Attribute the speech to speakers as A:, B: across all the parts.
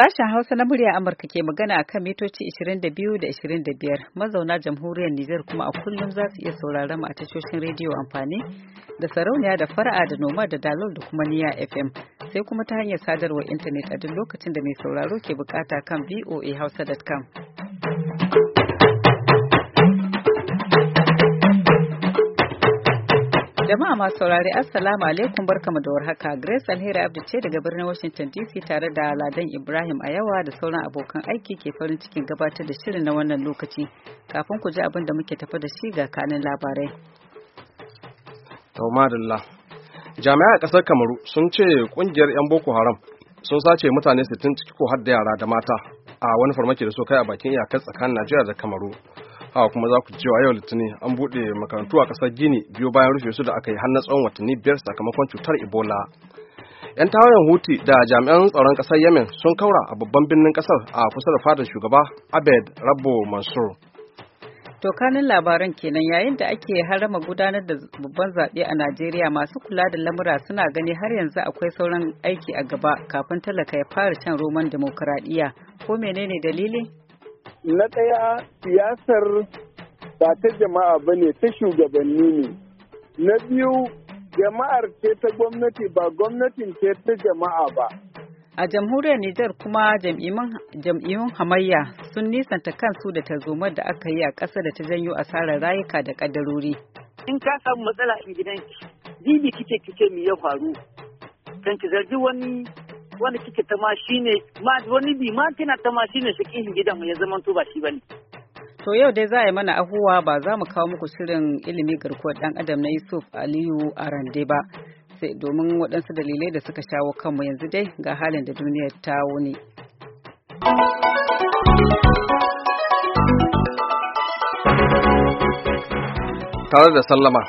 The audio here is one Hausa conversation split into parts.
A: Sashen Hausa na murya Amurka ke magana a kan mitoci 22 da 25 mazauna jamhuriyar Nijar kuma a kullum za su iya sauraron mu a tashoshin rediyo amfani da sarauniya da fara'a da noma da dalol da kuma niya FM sai kuma ta hanyar sadarwar intanet a duk lokacin da mai sauraro ke bukata kan voahausa.com. Jama'a masu saurari Assalamu alaikum barkamu da warhaka Grace Alheri Abdu ce daga birnin Washington DC tare da Ladan Ibrahim a yawa da sauran abokan aiki ke farin cikin gabatar da shirin na wannan lokaci. Kafin ku ji abin da muke tafi da shi ga kanin labarai.
B: Taumadalla. Jami'a ƙasar Kamaru sun ce kungiyar 'yan Boko Haram sun sace mutane 60 ciki ko har da yara da mata a wani farmaki da so kai a bakin iyakar tsakanin Najeriya da Kamaru. haka kuma za ku cewa yau litinin an buɗe makarantu a ƙasar gini biyu bayan rufe su da aka yi har na tsawon watanni biyar sakamakon cutar ebola 'yan tawayen huti da jami'an tsaron ƙasar yemen sun kaura a babban birnin ƙasar a kusa da fadar shugaba abed rabbo mansur
A: to kanin labaran kenan yayin da ake harama gudanar da babban zaɓe a najeriya masu kula da lamura suna gani har yanzu akwai sauran aiki a gaba kafin talaka ya fara shan roman demokuraɗiyya ko menene dalili
C: na ɗaya siyasar ba ta jama'a ba ne ta shugabanni ne na biyu jama'ar ce ta gwamnati ba gwamnatin ce ta jama'a ba
A: a jamhuriyar Nijar kuma jam'iyyun hamayya sun nisanta kansu da tarzomar da aka yi a ƙasa da ta janyo asarar rayuka da ƙaddarori.
D: In ka samu matsala a gidanki, bibi kice kice me ya faru, kan ki zargi wani wani kike ta mashi ne wani bi ma kina ta ne gidan mu ya zama to ba shi bane
A: To yau dai za a yi mana ahuwa ba za mu kawo muku shirin ilimi garkuwar ɗan adam na Yusuf Aliyu Arande ba. Sai domin waɗansu dalilai da suka shawo kanmu yanzu dai ga halin da duniyar ta wuni.
B: Tare da sallama,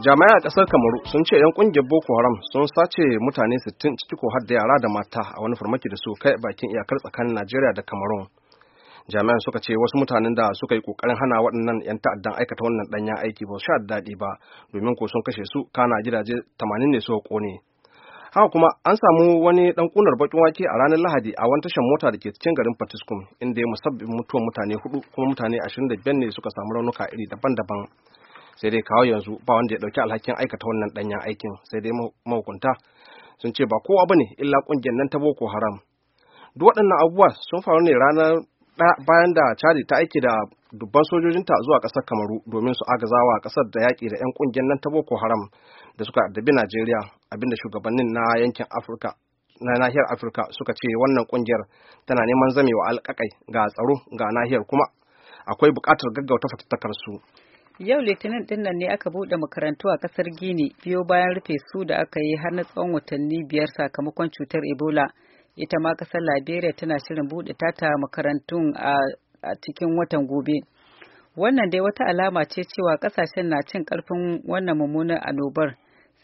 B: Jami'an a kasar kamaru sun ce 'yan kungiyar boko haram sun sace mutane 60 ciki ko har da yara da mata a wani farmaki da su kai bakin iyakar tsakanin najeriya da kamarun jami'an suka ce wasu mutanen da suka yi kokarin hana waɗannan 'yan ta'addan aikata wannan ɗanyen aiki ba su sha daɗi ba domin ko sun kashe su kana gidaje 80 ne suka kone haka kuma an samu wani ɗan ƙunar bakin wake a ranar lahadi a wani tashar mota da ke cikin garin patiskum inda ya musabbin mutuwar mutane hudu kuma mutane 25 ne suka samu raunuka iri daban-daban sai dai kawo yanzu ba wanda ya dauki alhakin aikata wannan danyen aikin sai dai mahukunta sun ce ba kowa bane illa kungiyar nan ta boko haram duk waɗannan abubuwa sun faru ne ranar bayan da chadi ta aiki da dubban sojojinta zuwa ƙasar kamaru domin su agazawa ƙasar da yaƙi da 'yan ƙungiyar nan ta boko haram da suka addabi najeriya abinda shugabannin na yankin afirka na nahiyar afirka suka ce wannan ƙungiyar tana neman zamewa alƙaƙai ga tsaro ga nahiyar kuma akwai buƙatar gaggauta fatattakarsu
A: Yau Litinin din nan ne aka buɗe makarantu a ƙasar Gini biyo bayan rufe su da aka yi har na tsawon watanni biyar sakamakon cutar Ebola. Ita ma ƙasar Liberia tana shirin buɗe tata makarantun a cikin watan gobe. Wannan dai wata alama ce cewa ƙasashen na cin karfin wannan mummunar annobar.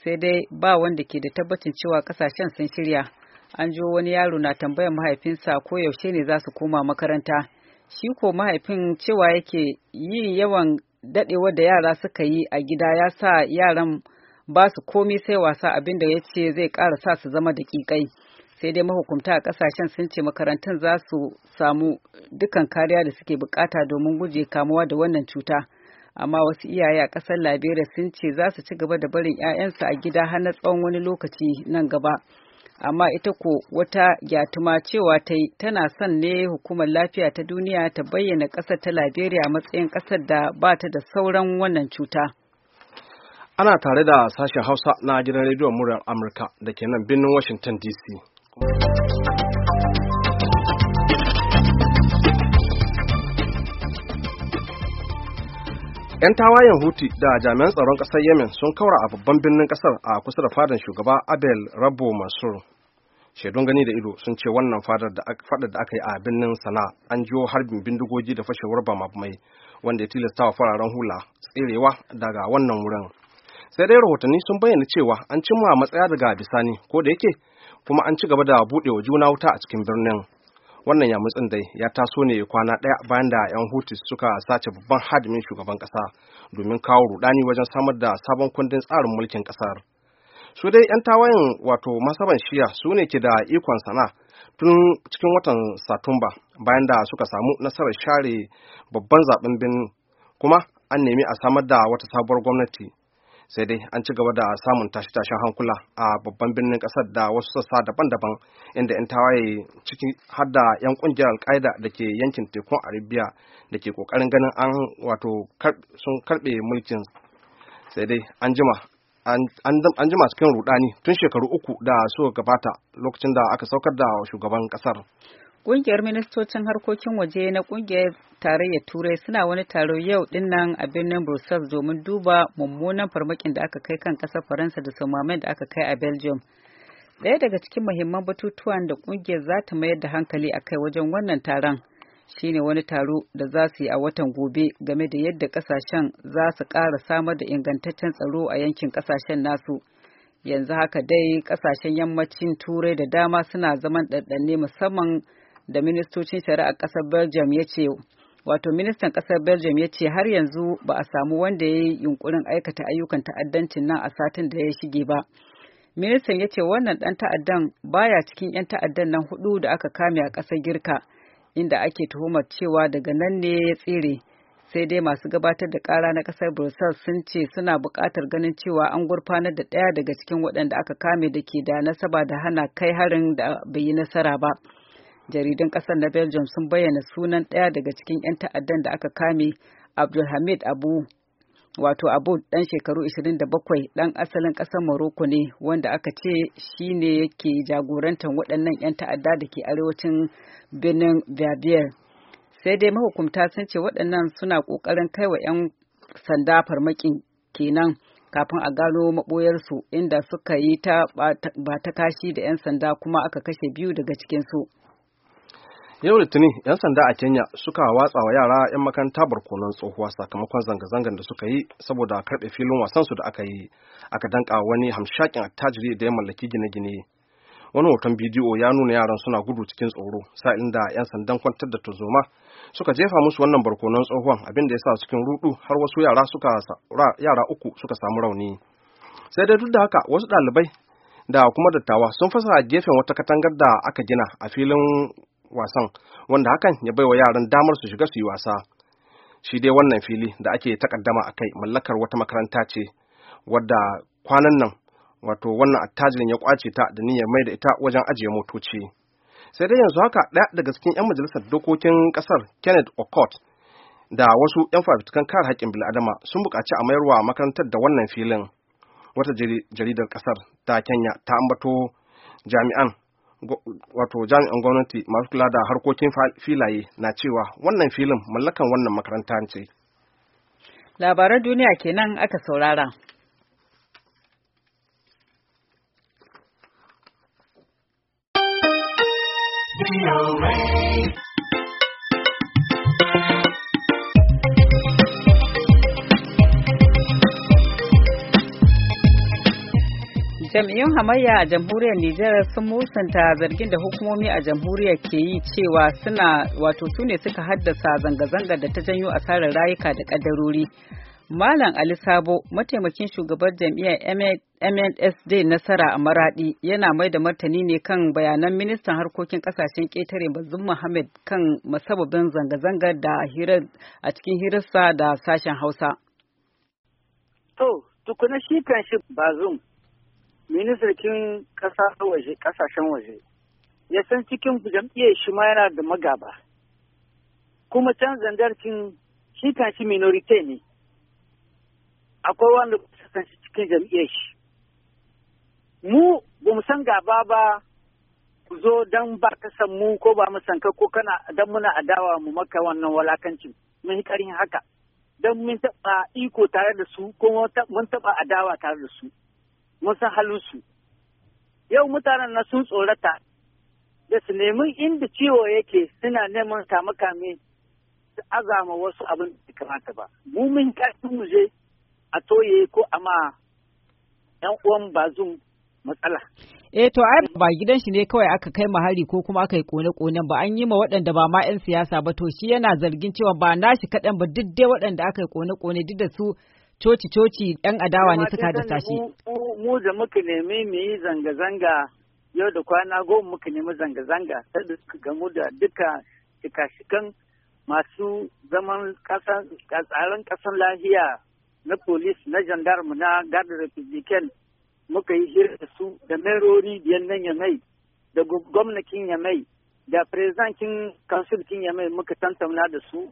A: Sai dai ba wanda ke da tabbacin cewa ƙasashen sun shirya. An jo wani yaro na tambayar mahaifinsa ko yaushe ne za su koma makaranta. Shi ko mahaifin cewa yake yi yawan dadewar da yara suka yi a gida ya sa yaran ba su komi sai wasa abin da ya ce zai ƙara sa su zama da kikai sai dai mahukunta a ƙasashen sun ce makarantun za su samu dukan kariya da suke bukata domin guje kamuwa da wannan cuta amma wasu iyaye a ƙasar liberia sun ce za su ci gaba da barin 'ya'yansu a gida har na tsawon wani lokaci nan gaba amma ita ko wata gyatuma cewa ta yi tana son ne hukumar lafiya ta duniya ta bayyana ƙasar ta liberia matsayin ƙasar da ba ta da sauran wannan cuta
B: ana tare da sashen hausa na gidan rediyon murar amurka da ke nan birnin washington dc 'yan tawayen huti da jami'an tsaron ƙasar yemen sun kaura a babban birnin ƙasar a kusa da fadar shugaba abel rabo masur shaidun gani da ido sun ce wannan fadar da aka yi a birnin sana an jiwo harbin bindigogi da fashewar ba mai wanda ya tilasta wa fararen hula tserewa daga wannan wurin sai dai rahotanni sun bayyana cewa an cimma matsaya daga bisani ko da yake kuma an ci gaba da buɗe wa juna wuta a cikin birnin wannan yamutsin dai ya taso ne kwana ɗaya bayan da 'yan hutu suka sace babban hadimin shugaban ƙasa domin kawo rudani wajen samar da sabon kundin tsarin mulkin ƙasar su dai 'yan tawayen wato masaban shiya su ne ke da ikon sana tun cikin watan satumba bayan da suka samu nasarar share babban zaɓen birnin, kuma an nemi a samar da wata sabuwar gwamnati sai dai an ci gaba da samun tashe-tashen hankula a babban birnin kasar da wasu sassa daban-daban inda 'yan tawaye ciki har da 'yan kungiyar alkaida da ke yankin tekun arabiya da ke kokarin ganin an wato sun karbe mulkin sai dai an jima an jima cikin rudani tun shekaru uku da suka gabata lokacin da aka saukar da shugaban kasar
A: Ƙungiyar ministocin harkokin waje na ƙungiyar tarayyar Turai suna wani taro yau dinnan a birnin Brussels domin duba mummunan farmakin da aka kai kan ƙasar Faransa da samamai da aka kai a Belgium. Ɗaya daga cikin mahimman batutuwan da ƙungiyar za ta mayar da hankali a kai wajen wannan taron shine wani taro da za su yi a watan gobe game da yadda ƙasashen za su ƙara samar da ingantaccen tsaro a yankin ƙasashen nasu. Yanzu haka dai ƙasashen yammacin Turai da dama suna zaman ɗanɗanne musamman da ministocin shari'a ƙasar belgium ya ce wato ministan ƙasar belgium ya ce har yanzu ba a samu wanda ya yi yunkurin aikata ayyukan ta'addancin nan a satin da ya shige ba ministan ya ce wannan ɗan ta'addan baya cikin 'yan ta'addan nan hudu da aka kame a ƙasar girka inda ake tuhumar cewa daga nan ne ya tsere sai dai masu gabatar da ƙara na kasar brussels sun ce suna buƙatar ganin cewa an gurfanar da ɗaya daga cikin waɗanda aka kame da ke da nasaba da hana kai harin da bai yi nasara ba jaridun kasar na belgium sun bayyana sunan ɗaya daga cikin 'yan ta'addan da aka kame abdulhamid abu wato abu ɗan shekaru 27 ɗan asalin kasar morocco ne wanda aka ce shi ne yake jagorantar waɗannan 'yan ta'adda da ke arewacin birnin babiyar sai dai mahukumta sun ce waɗannan suna ƙoƙarin kai wa 'yan sanda farmakin kenan kafin a gano maɓoyarsu inda suka yi ta ba ta kashi da 'yan sanda kuma aka kashe biyu daga cikinsu.
B: yau litinin 'yan sanda a kenya suka watsa wa yara 'yan makaranta barkonon tsohuwa sakamakon zanga-zangar da suka yi saboda karɓe filin wasansu da aka yi aka danka wani hamshakin attajiri da ya mallaki gine-gine wani hoton bidiyo ya nuna yaran suna gudu cikin tsoro sain da 'yan sandan kwantar da tuzoma suka jefa musu wannan barkonon tsohuwan abin da ya sa cikin rudu har wasu yara suka yara uku suka samu rauni sai dai duk da haka wasu ɗalibai da kuma dattawa sun fasa gefen wata katangar da aka gina a filin wasan wanda hakan ya baiwa yaran damar su shiga su yi wasa shi dai wannan fili da ake takaddama a kai mallakar wata makaranta ce wadda kwanan nan wato wannan attajirin ya kwace ta da niyyar mai da ita wajen ajiye motoci sai dai yanzu haka ɗaya daga cikin 'yan majalisar dokokin ƙasar kenneth okot da wasu 'yan fafutukan kare haƙƙin bil'adama sun buƙaci a mayarwa makarantar da wannan filin wata jaridar ƙasar ta kenya ta ambato jami'an wato jami'an gwamnati masu kula da harkokin filaye na cewa wannan filin mallakan wannan makaranta ce.
A: Labaran duniya kenan aka saurara. jam'iyyun hamayya a jamhuriyar Nijar sun musanta zargin da hukumomi a jamhuriyar ke yi cewa suna wato su ne suka haddasa zanga-zangar da ta janyo asarar rayuka da kadarori. Malam Ali Sabo, mataimakin shugabar jam'iyyar MNSD Nasara a Maradi, yana mai da martani ne kan bayanan ministan harkokin kasashen ƙetare Bazum Muhammad kan masababin zanga-zangar da a cikin hirarsa da sashen Hausa.
D: To, tukuna shi kan shi Bazum ministan kasashen waje ya san cikin jam'iyyar shi ma yana da magaba kuma can zandarkin shi kan shi minorite ne akwai wanda kusa shi cikin jam'iyyar shi mu ba mu san gaba ba ku zo don ba ka san mu ko ba mu san ka ko kana don muna adawa mu maka wannan walakancin mun karin haka don mun taɓa iko tare da su ko mun taɓa adawa tare da su mun san halinsu yau mutanen na sun tsorata da su nemi inda ciwo yake suna neman kame-kame su azama wasu abin da kamata ba mu mun kashi mu je a toye ko a ma yan uwan bazum matsala
A: eh to ai ba gidan shi ne kawai aka kai mahari ko kuma aka yi kone-konen ba an yi ma waɗanda ba ma 'yan siyasa ba to shi yana zargin cewa ba nashi kaɗan ba duk dai waɗanda aka yi kone-kone duk da su coci-coci 'yan adawa ne suka haddasa shi.
D: Mu da muka nemi mu yi zanga-zanga yau da kwana goma muka nemi zanga-zanga ta gamu da duka shika-shikan masu zaman tsaron kasan lahiya na polis na gendarme na garda republican muka yi hira da su da merori biyan nan mai da gwamnakin mai da prezidantin ya mai muka tantauna da su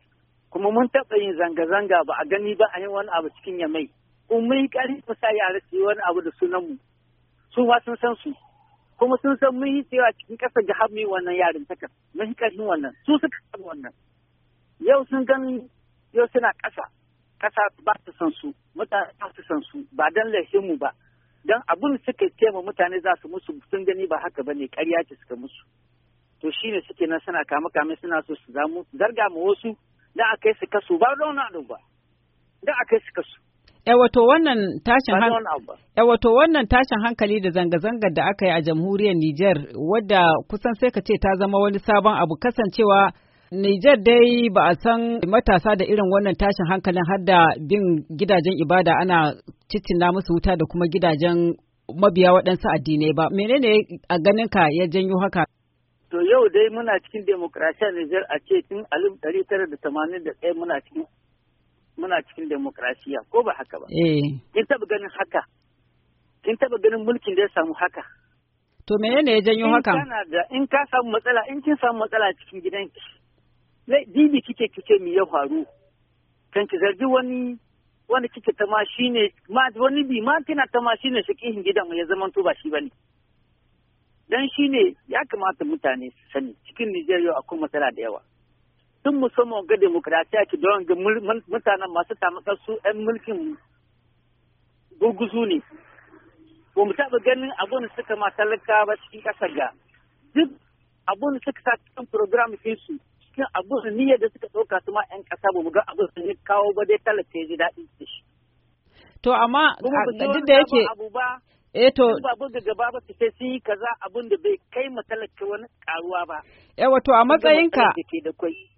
D: kuma mun taɓa yin zanga-zanga ba a gani ba a yi wani abu cikin ya mai mun yi ƙari mu sa yare su yi wani abu da sunanmu su ma sun san su kuma sun san mun yi cewa cikin ƙasa ga har wannan yarin takas mun yi ƙarfin wannan su suka san wannan yau sun gani yau suna ƙasa ƙasa ba su san su mutane ba su san su ba dan mu ba dan abin suka ce ma mutane za su musu sun gani ba haka ba ne ƙarya ce suka musu to shine suke nan suna kame kame suna so su zamu zarga ma wasu da a kai su kasu ba don abu ba da a kai su kasu
A: wannan tashin wannan tashin hankali da zanga-zangar da aka yi a jamhuriyar Nijar wadda kusan sai ka ce ta zama wani sabon abu kasancewa Nijar dai ba a san matasa da irin wannan tashin hankalin har da bin gidajen ibada ana cicina musu wuta da kuma gidajen mabiya waɗansu addinai ba menene a ganinka ya janyo haka
D: To yau dai muna cikin demokrasiya Nijar a ce tun alif ɗari tara da tamanin da ɗaya muna cikin muna cikin demokrasiya ko ba haka ba. Eh. Kin taɓa ganin haka? Kin taɓa ganin mulkin da ya samu haka?
A: To me ne ya janyo haka?
D: In ka samu matsala in kin samu matsala cikin gidanki. Dibi kike kike mi ya faru? Kan ki zargi wani wani kike tama shine ma wani bi ma kina tama shine shi gidan ya zamanto ba shi bane. dan shi ne ya kamata mutane su sani cikin Nijar yau akwai matsala da yawa. Tun musamman ga demokrasiya ki don ga mutanen masu tamakar su 'yan mulkin gurguzu ne. Ba mu taɓa ganin abin da suka ma talaka ba cikin ƙasar ga. Duk abin da suka sa cikin program su cikin abin da niyyar da suka ɗauka su ma 'yan ƙasa ba mu ga abin da kawo ba dai talaka ya ji daɗi da shi. To amma duk da yake Eto. Eh, ba da gaba ba su sai sun yi kaza abun da bai kai matalaka wani karuwa ba.
A: Eh wato a matsayinka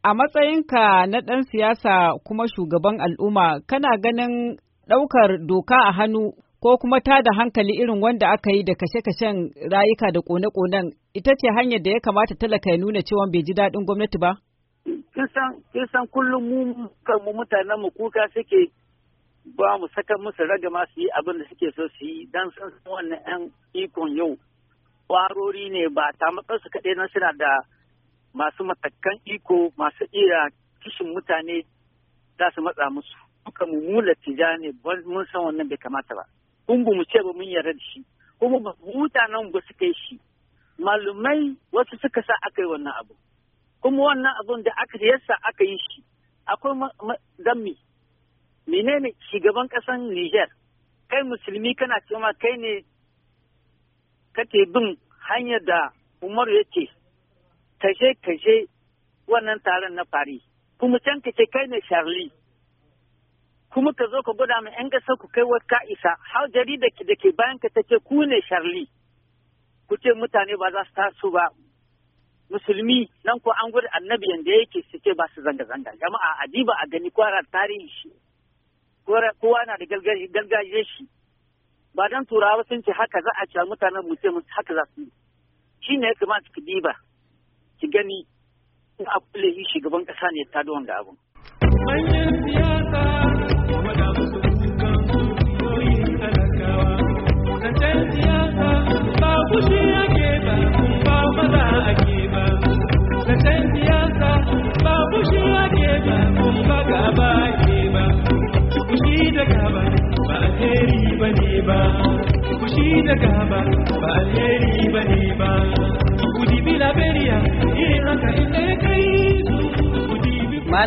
A: a matsayinka na ɗan siyasa kuma shugaban al'umma kana ganin ɗaukar doka a hannu ko kuma ta da hankali irin wanda aka yi da kashe-kashen rayuka da kone-konen ita ce hanyar da ya kamata talaka ya nuna cewa bai ji daɗin gwamnati ba?
D: Kin san kullum mu mutanen mu kuka suke ba mu saka musu ragama su yi abin da suke so su yi don san wannan 'yan ikon yau ƙwarori ne ba ta matsarsu kaɗai nan suna da masu matakan iko masu ira kishin mutane za su matsa musu duka mummula tija ne mun san wannan bai kamata ba kun mu ce ba mun yarda da shi kuma mutanen ba suka yi shi malumai wasu suka sa aka yi wannan abu kuma wannan abun da aka yasa aka yi shi akwai dammi menene shugaban kasan Niger kai musulmi kana cewa kai ne kake bin hanyar da Umaru ya ce kashe kashe wannan taron na fari kuma can kace kai ne Charlie kuma ka zo ka gwada min yan ƙasar ku kai wata ka'isa har jarida da ke bayan ka take ku ne Charlie ku ce mutane ba za su taso ba musulmi nan ko an gudu annabi yanda yake suke ba su zanga-zanga jama'a adiba a gani kwarar tarihi shi kowa na da galgajiyar shi ba don turawa sun ce haka za a ci mutanen mu ce haka za su yi shi ne ya kamata ki diba ki gani in a shi shugaban kasa ne ta da wanda abun.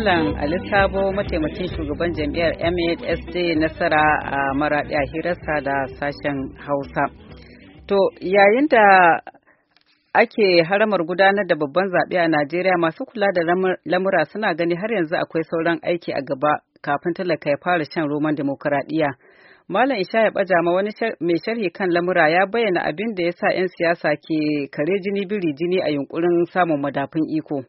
A: Malam Ali Sabo mataimakin shugaban jam'iyyar MHSD nasara a maraɗi a hirarsa da sashen Hausa. To yayin da ake haramar gudanar da babban zaɓe a Najeriya masu kula da lamura suna gani har yanzu akwai sauran aiki a gaba kafin talaka ya fara shan roman demokuraɗiyya. Malam Ishaya Bajama wani mai sharhi kan lamura ya bayyana abin da ya sa 'yan siyasa ke kare jini biri jini a yunkurin samun madafun iko.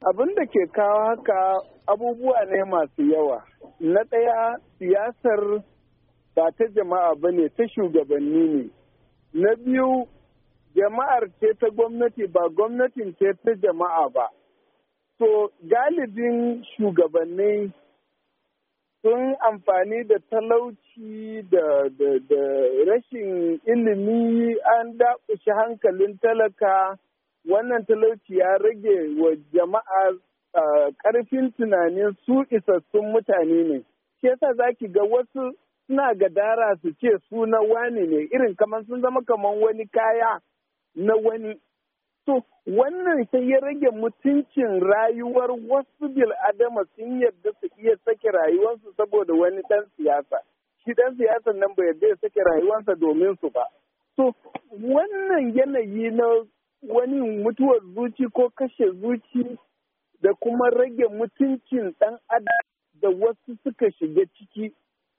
C: Abin da ke kawo haka abubuwa ne masu yawa. Na ɗaya siyasar ba ta jama'a ba ne ta shugabanni ne. Na biyu jama'ar ce ta gwamnati ba gwamnatin ce ta jama'a ba. To galibin shugabanni sun amfani da talauci da, da, rashin ilimi an daƙushi hankalin talaka wannan talauci ya rage wa jama'a ƙarfin tunanin su isassun mutane ne. Ke sa za ki ga wasu suna gadara su ce su na wani ne irin kamar sun zama kamar wani kaya na wani. To wannan sai ya rage mutuncin rayuwar wasu bil'adama sun yarda su iya sake rayuwarsu saboda wani ɗan siyasa. Shi ɗan siyasa nan bai yarda ya sake rayuwarsa domin su ba. To wannan yanayi na wani mutuwar zuci ko kashe zuci da kuma rage mutuncin ɗan adam da wasu suka shiga ciki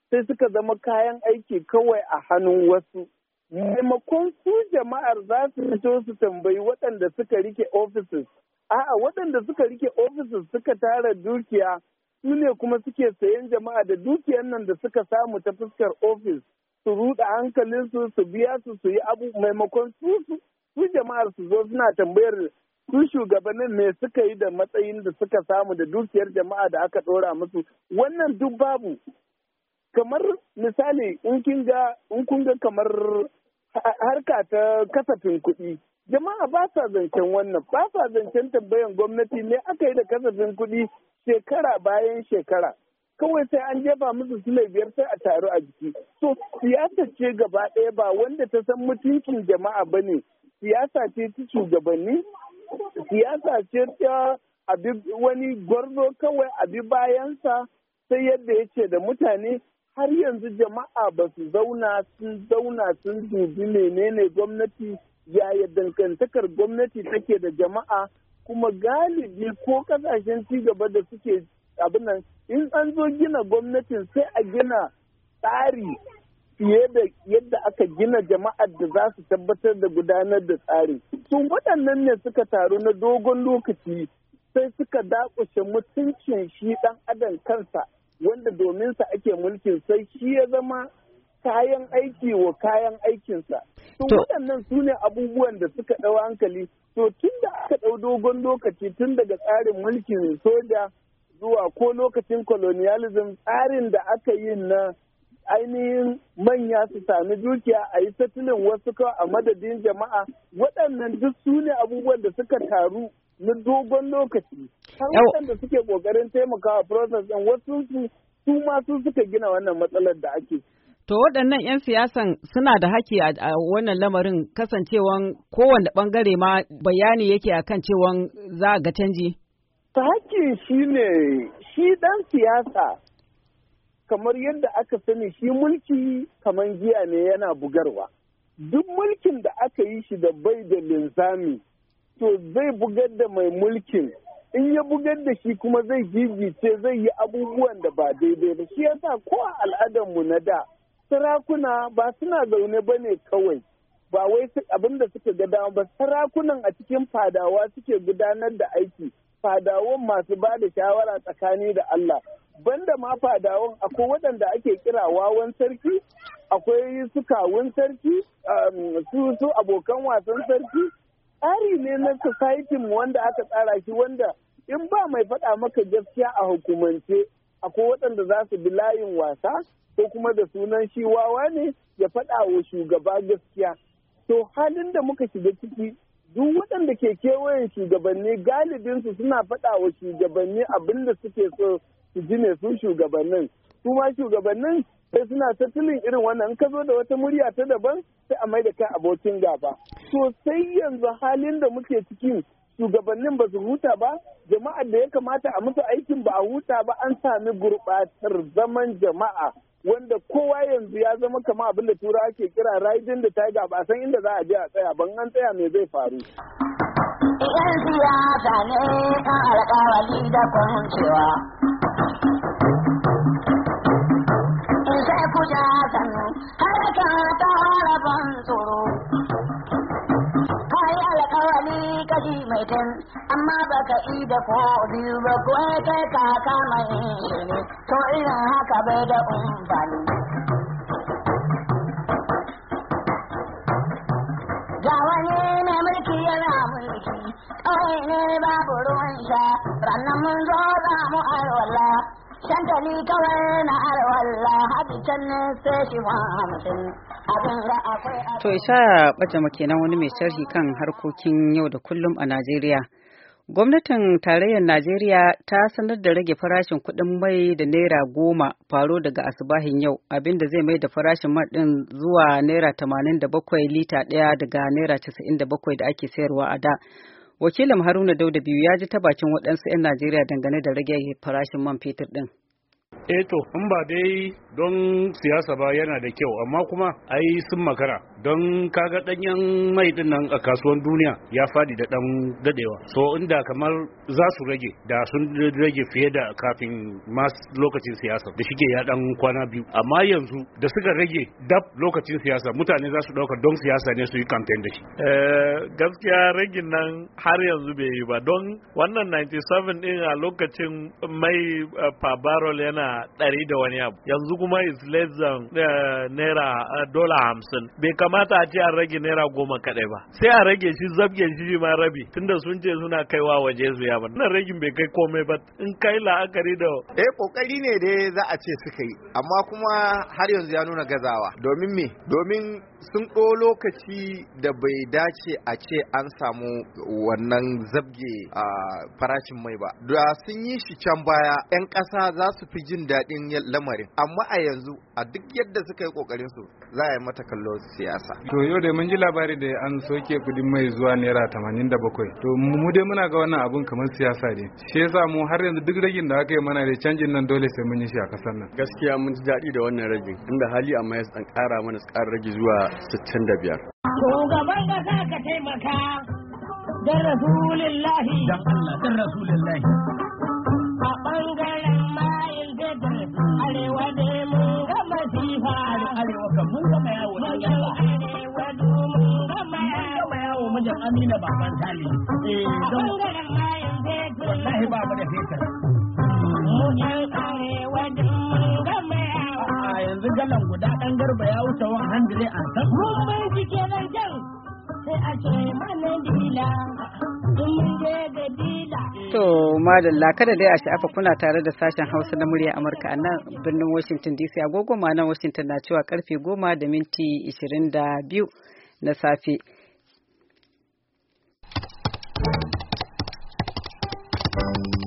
C: sai suka zama kayan aiki kawai a hannun wasu. Maimakon su jama'ar za su fito su tambayi waɗanda suka rike offices. A'a waɗanda suka rike offices suka tara dukiya su ne kuma suke sayan jama'a da dukiyar nan da suka samu ta fuskar office su ruɗa hankalinsu su biya su su yi abu maimakon su su jama'ar su zo suna tambayar su shugabannin me suka yi da matsayin da suka samu da dukiyar jama'a da aka ɗora musu wannan duk babu kamar misali in kin in kun ga kamar harka ta kasafin kuɗi jama'a ba sa zancen wannan ba sa zancen tambayan gwamnati ne aka yi da kasafin kuɗi shekara bayan shekara kawai sai an jefa musu sulai biyar sai a taru a jiki so siyasa ce gaba ɗaya ba wanda ta san mutuncin jama'a ba ne siyasa ce ta shugabanni siyasa ce ta abi wani gwarzo kawai abi bayansa sai yadda ya ce da mutane har yanzu jama'a ba su zauna sun zauna sun dubi menene gwamnati yaya dangantakar gwamnati take da jama'a kuma galibi ko kasashen cigaba da suke abin nan in an zo gina gwamnatin sai a gina tsari fiye da yadda aka gina jama'ar da za su tabbatar da gudanar da tsari Sun waɗannan ne suka taru na dogon lokaci sai suka dakushe mutuncin shi ɗan adam kansa wanda domin sa ake mulkin sai shi ya zama kayan aiki wa kayan aikinsa. Sun waɗannan su ne abubuwan da suka ɗau hankali. To tun da aka ɗau dogon lokaci tun daga tsarin mulkin soja zuwa ko lokacin colonialism tsarin da aka yi na ainihin manya su sami dukiya a yi tattalin wasu kawai a madadin jama'a waɗannan duk su ne abubuwan da suka taru na dogon lokaci har waɗanda suke ƙoƙarin taimakawa process ɗin wasu su su ma suka gina wannan matsalar da ake To
A: waɗannan 'yan siyasan suna da haƙƙi a wannan lamarin kasancewan kowane ɓangare ma bayani yake a kan cewan za a ga canji?
C: Ta hakkin shi ne shi ɗan siyasa kamar yadda aka sani shi mulki kamar giya ne yana bugarwa. Duk mulkin da aka yi shi da bai da linzami to zai bugar da mai mulkin in ya bugar da shi kuma zai jijice zai yi abubuwan da ba daidai ba shi yasa ko a al'adarmu na da sarakuna ba suna zaune ba ne kawai ba wai abin da suka ga dama ba sarakunan a cikin fadawa suke gudanar da aiki fadawan masu ba da shawara tsakani da Allah banda ma fadawan akwai waɗanda ake kira wawan sarki akwai su kawun sarki um, su abokan wasan sarki tsari ne na society wanda aka tsara shi wanda in ba mai faɗa maka gaskiya a hukumance akwai waɗanda za su bi layin wasa ko kuma da sunan shi wawa ne ya faɗa wa shugaba gaskiya to halin da muka shiga ciki duk waɗanda ke kewayen shugabanni galibinsu suna faɗa wa shugabanni abin suke so su ji ne su shugabannin kuma shugabannin sai suna ta tilin irin wannan ka zo da wata murya ta daban sai a mai da kai abokin gaba Sosai yanzu halin da muke cikin shugabannin ba su huta ba jama'ar da ya kamata a musu aikin ba a huta ba an sami gurɓatar zaman jama'a wanda kowa yanzu ya zama kama abin da tura ake kira riding da tiger ba san inda za a je a tsaya ban an tsaya me zai faru yan siyasa ne kan alƙawari da kwancewa in sai ku ja sannan har ka ta rabon tsoro kai alkawali kaji mai baka ida ba ko kai to haka ba da ne babu ruwan sha rannan mun zo na
A: isa ɓace kenan wani mai sharhi kan harkokin yau da kullum a Najeriya. Gwamnatin tarayyar Najeriya ta sanar da rage farashin kuɗin mai da Naira goma faro daga asibahin yau, abinda zai mai da farashin man ɗin zuwa Naira tamanin da bakwai lita ɗaya daga Naira casa'in da bakwai da ake sayarwa a da. Wakilin Haruna Dauda biyu ya ji ta bakin waɗansu 'yan Najeriya dangane da rage
C: farashin man fetur ɗin. Eto eh to in ba dai don siyasa ba yana da kyau amma kuma ai sun makara don kaga danyen mai din nan a kasuwan duniya
B: ya fadi da ɗan dadewa so inda kamar za su rage da sun rage fiye da kafin mas lokacin siyasa da shige ya dan kwana biyu amma yanzu da suka rage
C: dab lokacin siyasa mutane za su dauka don siyasa ne su yi campaign da shi eh, gaskiya ragin nan har yanzu bai yi ba don wannan 97 din a lokacin mai uh, yana na ɗari da wani abu yanzu kuma is less than eh, naira eh, dola hamsin bai kamata a ce an rage naira goma kaɗai ba sai a rage shi zabge shi ma rabi tunda sun ce suna kaiwa waje su ya nan ragin bai kai komai ba in kai la'akari
B: da eh kokari ne dai za a ce suka yi amma kuma har yanzu ya nuna gazawa domin me domin sun ɗo lokaci da bai dace a ce an samu wannan zabge a ah, farashin mai ba da sun yi shi can baya 'yan ƙasa za su fi jin daɗin lamarin amma a yanzu a duk yadda suka yi kokarin su za a yi mata kallon siyasa to yau da mun ji labari da an soke kudin mai zuwa naira 87 to mu dai muna ga wannan abun kamar siyasa ne shi yasa mu har yanzu duk ragin da aka yi mana da canjin nan dole sai mun yi shi a kasar nan gaskiya mun ji daɗi da wannan ragin inda hali amma ya san ƙara mana ƙara ragi zuwa 65
D: shugaban kasa ka taimaka
C: dan rasulillahi
D: dan Allah
C: a ɓangaren. arewa ne mu ga masifa arewa kan mun ga mayawo mun ga arewa mun ga mayawo mun ga amina
D: baban sali eh don bangaren
C: mayan fetur wallahi ba
D: da fetur mun ga arewa mun ga mayawo a yanzu galan guda dan garba ya wuce 100 an san mun bai jike nan jan sai a ce mana dila
A: To madalla kada dai a sha'afa kuna tare da sashen Hausa na murya Amurka a nan birnin Washington DC agogo ma nan Washington na cewa karfe goma da minti 22 na safe.
E: you.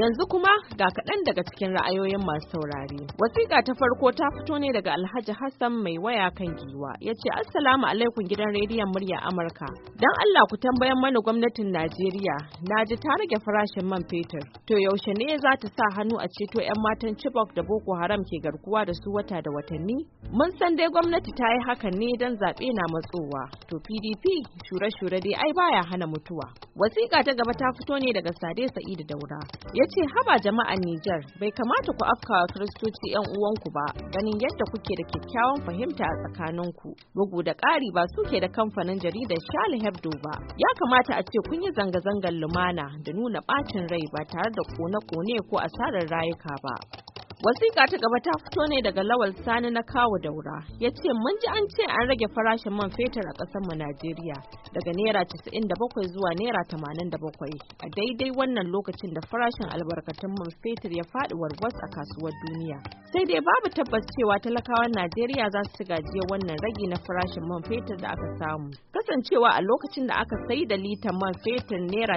E: Yanzu kuma ga kaɗan daga cikin ra'ayoyin masu saurare. Wasiƙa ta farko ta fito ne daga Alhaji Hassan mai waya kan giwa. Ya ce Assalamu alaikum gidan rediyon murya Amurka. Don Allah ku tambayan mana gwamnatin Najeriya na ji ta rage farashin man fetur. To yaushe ne za ta sa hannu a ceto 'yan matan Chibok da Boko Haram ke garkuwa da su wata da watanni? Mun san dai gwamnati ta yi hakan ne don zaɓe na matsowa. To PDP shure-shure dai ai baya hana mutuwa. Wasiƙa ta gaba ta fito ne daga Sade Sa'idu Daura. Ya ce haba jama'an Nijar bai kamata ku afkawa kiristoci 'yan uwanku ba ganin yadda kuke da kyakkyawan fahimta a tsakaninku. Bugu da ƙari ba suke da kamfanin jaridar shali Hebdo ba. Ya kamata a ce kun yi zanga-zangar lumana da nuna ɓacin rai ba tare da kone-kone ko asarar rayuka ba. Wasiƙa ta gaba ta fito ne daga Lawal Sani na kawo daura ya ce mun ji an ce an rage farashin man fetur a ƙasar mu Najeriya daga naira bakwai zuwa naira bakwai a daidai wannan lokacin da farashin albarkatun man fetur ya faɗi warwas a kasuwar duniya. Sai dai babu tabbas cewa talakawan Najeriya za su ci wannan ragi na farashin man fetur da aka samu. Kasancewa a lokacin da aka sai da litan man fetur naira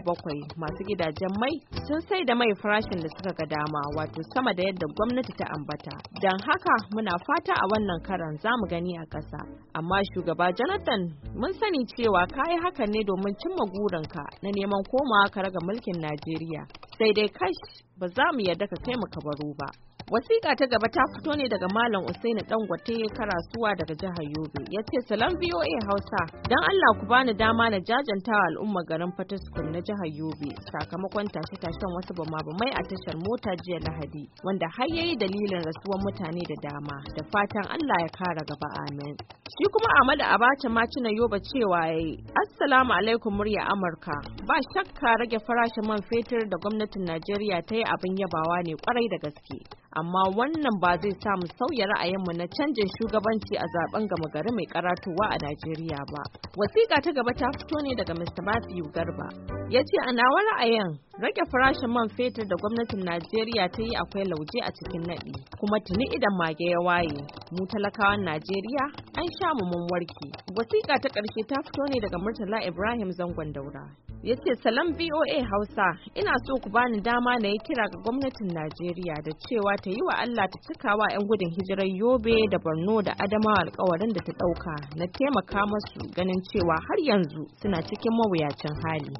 E: bakwai masu gidajen mai sun sai da mai farashin da suka ga dama wato sama sama da yadda gwamnati ta ambata. Don haka muna fata a wannan karan zamu gani a ƙasa. Amma shugaba Jonathan mun sani cewa ka yi hakan ne domin cimma gurinka na neman komawa ka raga mulkin Najeriya. Sai dai kash ba za mu yarda ka kai mu kabaru ba. Wasiƙa ta gaba ta fito ne daga Malam Usaini Dangote karasuwa daga jihar Yobe. Ya ce salam VOA Hausa, don Allah ku bani dama na jajantawa al'umma garin Fataskun na jihar Yobe sakamakon tashe-tashen wasu bama-bamai a tashar mota jiya Lahadi, wanda har yayi dalilin rasuwar mutane da dama. Da fatan Allah ya kara gaba amin. Shi kuma Ahmadu Abacha na yobe cewa yi, Assalamu alaikum murya Amurka. Ba shakka rage farashin man fetur da gwamnatin Najeriya ta yi abin yabawa ne kwarai da gaske. amma wannan ba zai sa mu sauya ra'ayinmu na canjin shugabanci a zaben gama gari mai karatuwa a Najeriya ba. Wasiƙa ta gaba ta fito ne daga Mr. Matthew Garba. Ya ce a nawa ra'ayin rage farashin man fetur da gwamnatin Najeriya ta yi akwai lauje a cikin naɗi kuma tuni idan mage ya waye mu talakawan Najeriya an sha mu mun warke. Wasiƙa ta ƙarshe ta fito ne daga Murtala Ibrahim Zangon Daura. ya ce salam voa hausa ina so ku bani dama na yi kira ga gwamnatin najeriya da cewa ta yi wa allah ta cika wa 'yan gudun hijirar yobe da borno da adamawa alkawarin da ta ɗauka na taimaka masu ganin cewa har yanzu suna cikin mawuyacin hali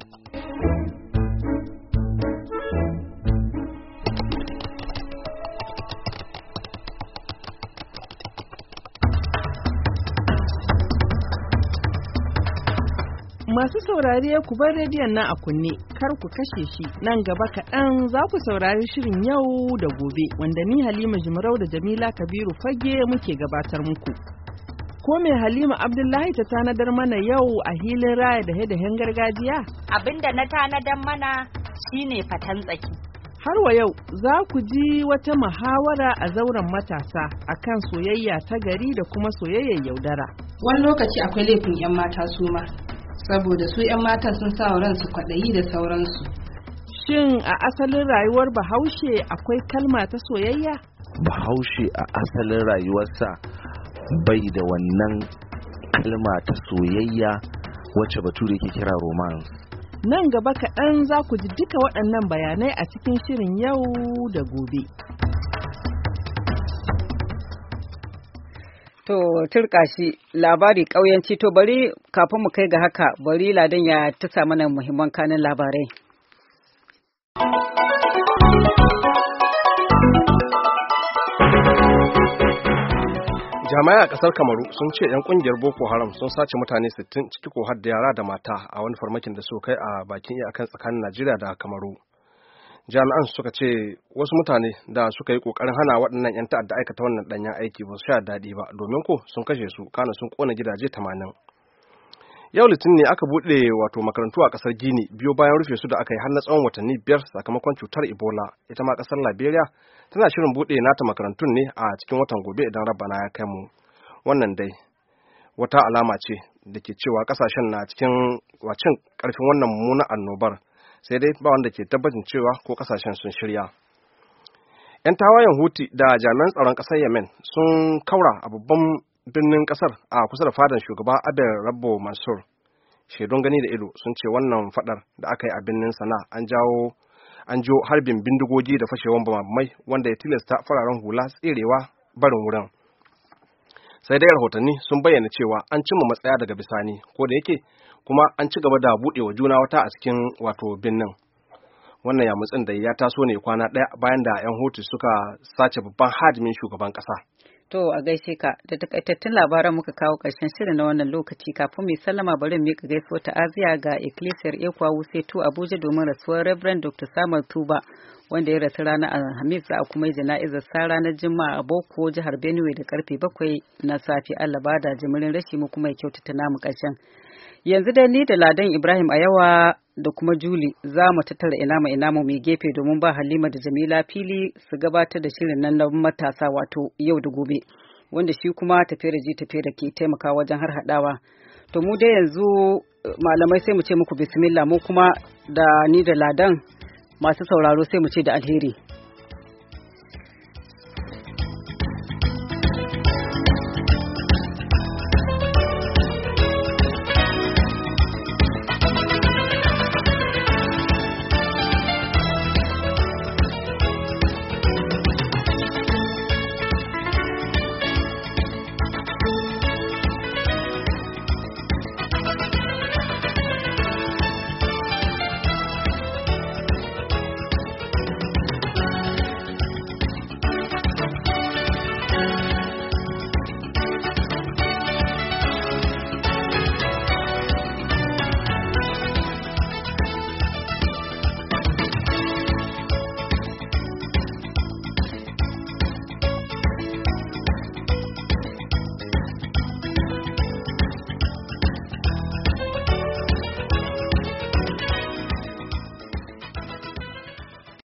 A: Masu saurari ku bar rediyon na a kunne, kar ku kashe shi nan gaba kaɗan za ku saurari shirin yau da gobe wanda ni Halima Jimarau da Jamila Kabiru Fage muke gabatar muku. Ko mai Halima Abdullahi ta tanadar mana yau a hilin raya da hedahen gargajiya? Abinda na tanadar mana shine fatan tsaki. Har wa yau za ku ji wata muhawara a zauren matasa akan soyayya ta gari da kuma soyayyar yaudara. Wani lokaci akwai laifin 'yan mata suma. saboda su 'yan mata sun sa ransu kwaɗayi da sauransu shin a asalin rayuwar bahaushe akwai kalma ta soyayya
B: bahaushe a asalin rayuwarsa bai da wannan kalma ta soyayya wacce bature ke kira romance
A: nan gaba kaɗan za ku ji duka waɗannan bayanai a cikin shirin yau da gobe. To turka shi labari ƙauyenci to bari kafin mu kai ga haka bari ladan ya tusa mana muhimman kanin labarai.
B: jami'a a ƙasar kamaru sun ce 'yan ƙungiyar boko haram sun sace mutane 60 ciki ko da yara da mata a wani farmakin da suka kai a bakin iyakan tsakanin najeriya da kamaru jami'an suka ce wasu mutane da suka yi kokarin hana waɗannan 'yan ta'adda aikata wannan ɗanyen aiki ba su sha daɗi ba domin ko sun kashe su kana sun kona gidaje tamanin yau litinin ne aka buɗe wato makarantu a ƙasar gini biyo bayan rufe su da aka yi har na tsawon watanni biyar sakamakon cutar ebola ita ma ƙasar liberia tana shirin buɗe nata makarantun ne a cikin watan gobe idan rabana ya kai mu wannan dai wata alama ce da ke cewa ƙasashen na cikin wacin ƙarfin wannan mummunan annobar sai dai ba wanda ke tabbacin cewa ko kasashen sun shirya 'yan tawayen huti da jami'an tsaron ƙasar yemen sun kaura a babban birnin ƙasar a kusa da fadan shugaba abel rabbo mansur shaidun gani da ido sun ce wannan fadar da aka yi a birnin sana an jawo an jo harbin bindigogi da fashewan bamamai wanda ya tilasta fararen hula tserewa barin wurin sai dai rahotanni sun bayyana cewa an cimma matsaya daga bisani ko da yake kuma an ci gaba da buɗe wa juna wata a cikin wato birnin wannan yamutsin da ya taso ne kwana ɗaya bayan da 'yan hutu suka sace babban hadimin shugaban ƙasa
A: To a gaishe ka da takaitattun labaran muka kawo ƙarshen shirin na wannan lokaci kafin mai sallama bari mika gaisuwar aziya ga Ecclesiar ekwawu Wuse tu Abuja domin rasuwar Reverend Dr. Samuel Tuba wanda ya rasu ranar Alhamis za a kuma yi jana'izar sa ranar Juma'a a Boko jihar Benue da karfe bakwai na safe Allah bada jimirin rashi mu kuma ya kyautata namu karshen. Yanzu dai ni da Ladan Ibrahim a yawa da kuma Juli za mu tattara inama inama mai gefe domin ba Halima da Jamila fili su gabatar da shirin nan na matasa wato yau da gobe. Wanda shi kuma tafiye da ji tafiye da ke taimaka wajen har haɗawa. To mu dai yanzu eh, malamai sai mu ce muku bismillah mu kuma da ni da Ladan masu sauraro sai mu ce da alheri.